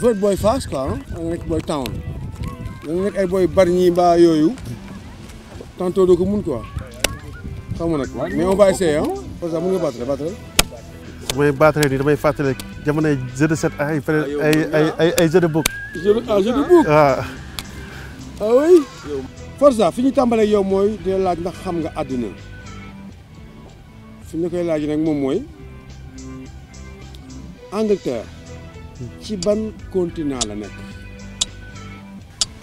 vous êtes booy Fass quoi da nga nekk booy town nga nekk ay booy bari ñi mbaa yooyu tantôt doo ko mun quoi xam nga nag mais on va essayer mun nga battre battre. damay battre nii damay fàttali jamonoy jeu de set ay ay ah, ay ay jeu de bouc. jeu fi ñu tàmbalee yow mooy dina laaj ndax xam nga àdduna fi ñu laaj nag moom mooy Angleterre. ci ban continent la nekk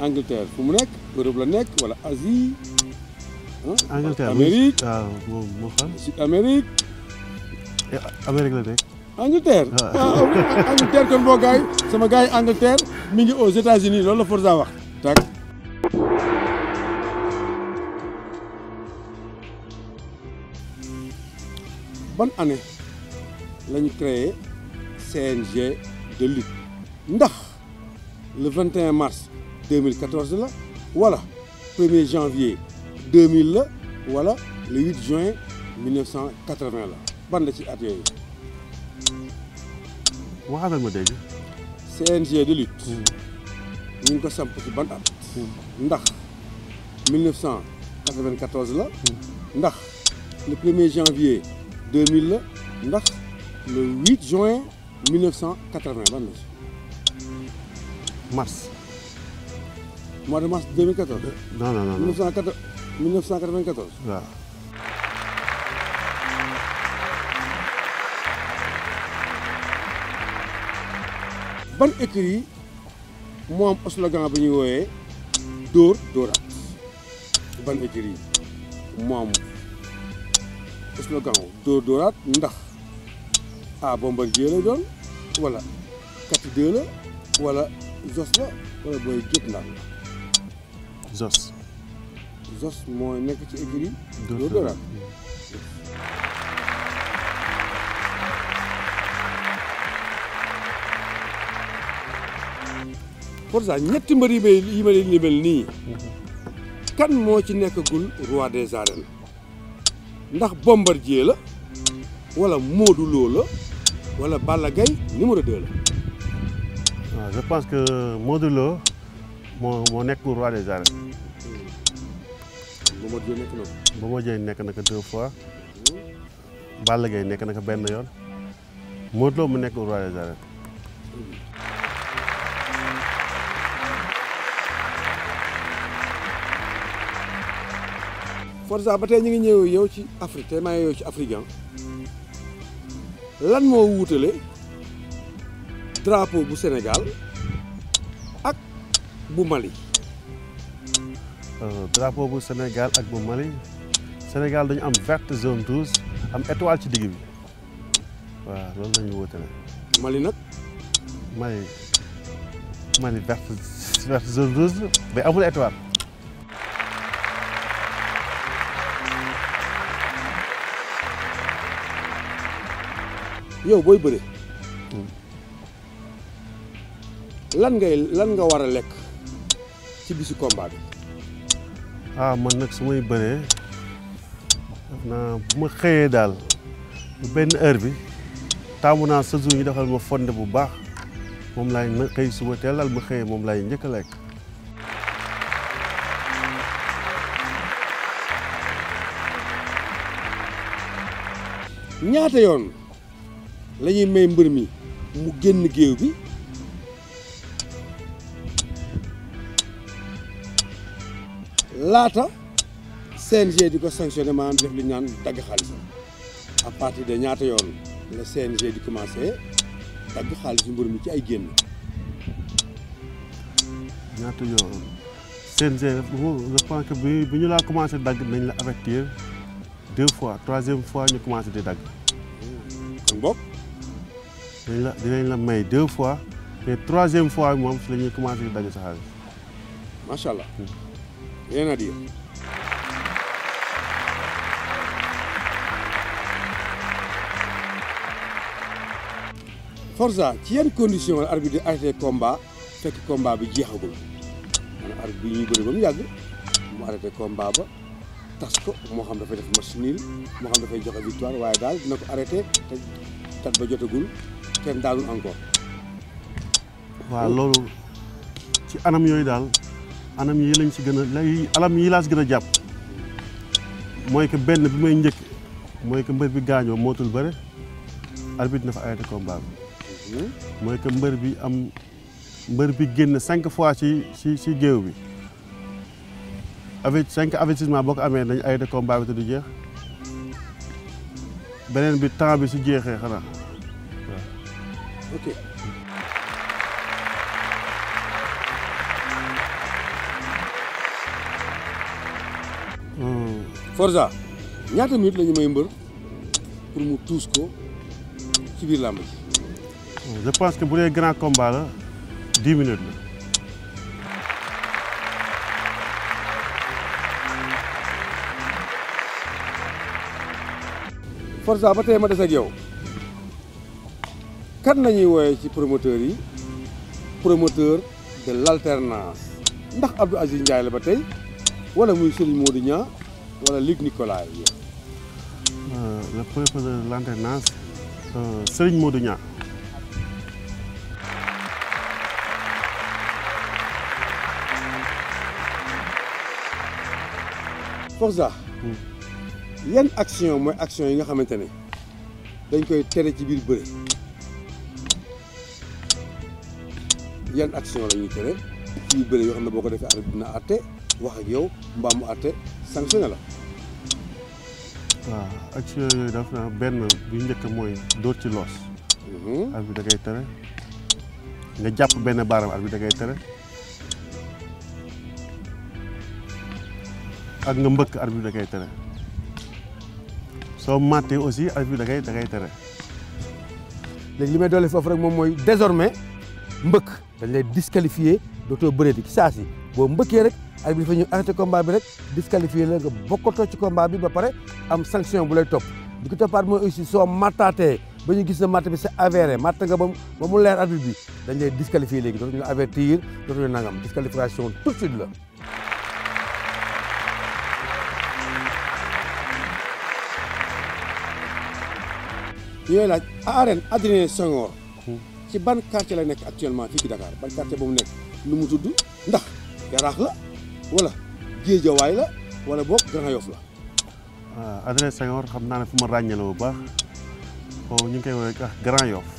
Angleterre fu mu nekk Europe la nekk wala Asie Angleterre Amérique waaw ah, moom moo xam eh, la nekk Angleterre ah. Ah, Angleterre kon boo gaay sama gaay Angleterre mi ngi aux États-Unis loolu la Forza wax tak ban année lañu créé CNG de lutte ndax le 21 mars 2014 la wala 1er janvier 2000 la wala le 8 juin 1980 la ban la ci at yooyu. waxalal ma dégg. CNG de lutte. Hmm. ñu ngi ci ban hmm. ndax 1994 hmm. la. ndax le 1er janvier 2000 la ndax le 8 juin. 1980 ban la ci mars. mois de mars 2014. Euh, non ban écrit yi moo bi ñuy wooyee dóor dóoraat ban écrit yi moo dóor dóoraat ndax. ah Bombardier lay doon wala kati deux la wala Zos la wala booy Diop naan la. Zos. Zos nekk ci écurie. doo dooraat Forza ñetti mbër yi may yi ma leen limal nii kan moo ci nekkagul roi des arènes ndax Bombardier la wala Modou la. wala Balla Gaye numéro 2 la. Ah, je pense que Modou moo nekk roi des arènes. Bombardier nekk na ko. Bombardier nekk na ko deux fois. Hmm. Balla Gaye nekk na ko benn yoon. Modou mu nekk roi ba tey ñu ngi ñëw yow ci Afrique tey maa ngi ci Afrique ah. lan moo wuutale drapeau bu Sénégal ak bu Mali. Euh, drapeau bu Sénégal ak bu Mali Sénégal dañu am verte zone douze am étoile ci digg bi waaw loolu la ñu Mali nag. Mali Mali verte verte zone douze mais amul étoile. yow booy bëre hmm. lan ngay lan nga war a lekk ci bisu combat bi. ah man nag su may bëree ma xëyee daal bu benn heure bi taamu naa sa yi ñu defal ma fonde bu baax moom laay na xëy suba teel daal ma xëyee moom laay njëkk lekk. ñaata yoon. la ñuy may mbër mi mu génn géew bi laata CNG di ko sanctionné maanaam def li naan dagg xaalisam à partir de ñaata yoon la CNG di commencé dagg xaalisu mbër mi ci ay génn. ñaata yoon CNG je pense que bi bi ñu laa commencé dagg nañ la affecté deux fois troisième fois ñu commencé di dagg. dinañ la dinañ la may deux fois te troisième fois bi moom si la ñuy commencé di dagg sa xaalis. allah. rien à dire. Forza ci yan condition la arbitre di arrêté combat fekk combat bi jeexagul maanaam arbitre bi ñuy bëri ba mu yàgg mu arrêté combat ba tas ko moo xam dafay def match nul moo xam dafay joxe victoire waaye daal dina ko arrêté te ba jotagul. feem daawul encore. waaw loolu ci anam yooyu daal anam yi lañ ci gën a lay anam yi laas gën a jàpp mooy que benn bi may njëkk mooy que mbër bi gaañoo mootul bëre arbitre na fa arrêté combat bi mhm. mooy que mbër bi am mbër bi génn cinq fois si ci ci géew bi avec cinq avertissement boo amee nañ arrêté combat bi te du jeex beneen bi temps bi su jeexee xanaa ok. Hmm. Forza ñaata minute la may mbër pour mu tuus ko ci biir làmb ji. Hmm, je pense que bu dee grand combat la dix la. Forza ba tey ma des ak kan nañuy wooyee ci promoteur yi promoteur de l'alternance ndax Abdou Aziz Ndiaye la ba tey wala muy Serigne Modou Niang wala Luc Nicolaï euh, le promoteur l'alternance euh, Serigne Modou Niang Forza hmm. yan action mooy action yi nga xamante ne dañ koy tere ci biir bëri yan action la ñuy tere ci yu yoo xam ne boo ko defee arbitre dina àtte yow mbaa mu àtte sanctionné la. waaw daf na benn bu njëkk mooy dóor ci loos. Mhm. arbitre da tere nga jàpp benn baaram arbitre da koy tere ak nga mbëkk arbitre da koy soo màttee aussi arbitre da koy da koy tere. léegi li may doole foofu rek moom mooy désormais mbëkk. dañ lay disqualifié dootoo bëreeti boo mbëkkee rek arbitre bi dafa ñëw arrêté bi rek disqualifié la nga bokkatoo ci combat bi ba pare am sanction bu lay topp di ko toppaat mooy aussi soo mattaatee ba ñu gis na matt bi c'est avéré matt nga ba ba mu leer arbitre bi dañ lay disqualifié léegi dootuñu la avertir dootuñu nangam disqualification tout de la yooyu laaj arène Adrien Senghor ci ban quartier la nekk actuellement fii ci Dakar ban quartier ba mu nekk lu mu tudd ndax Yaraax la wala Géejawaay la wala boog Grand Yoff la. Ah, adresse Senghor xam naa ne fu ma ràññee la bu baax foofu ñu ngi koy woowee Grand Yoff.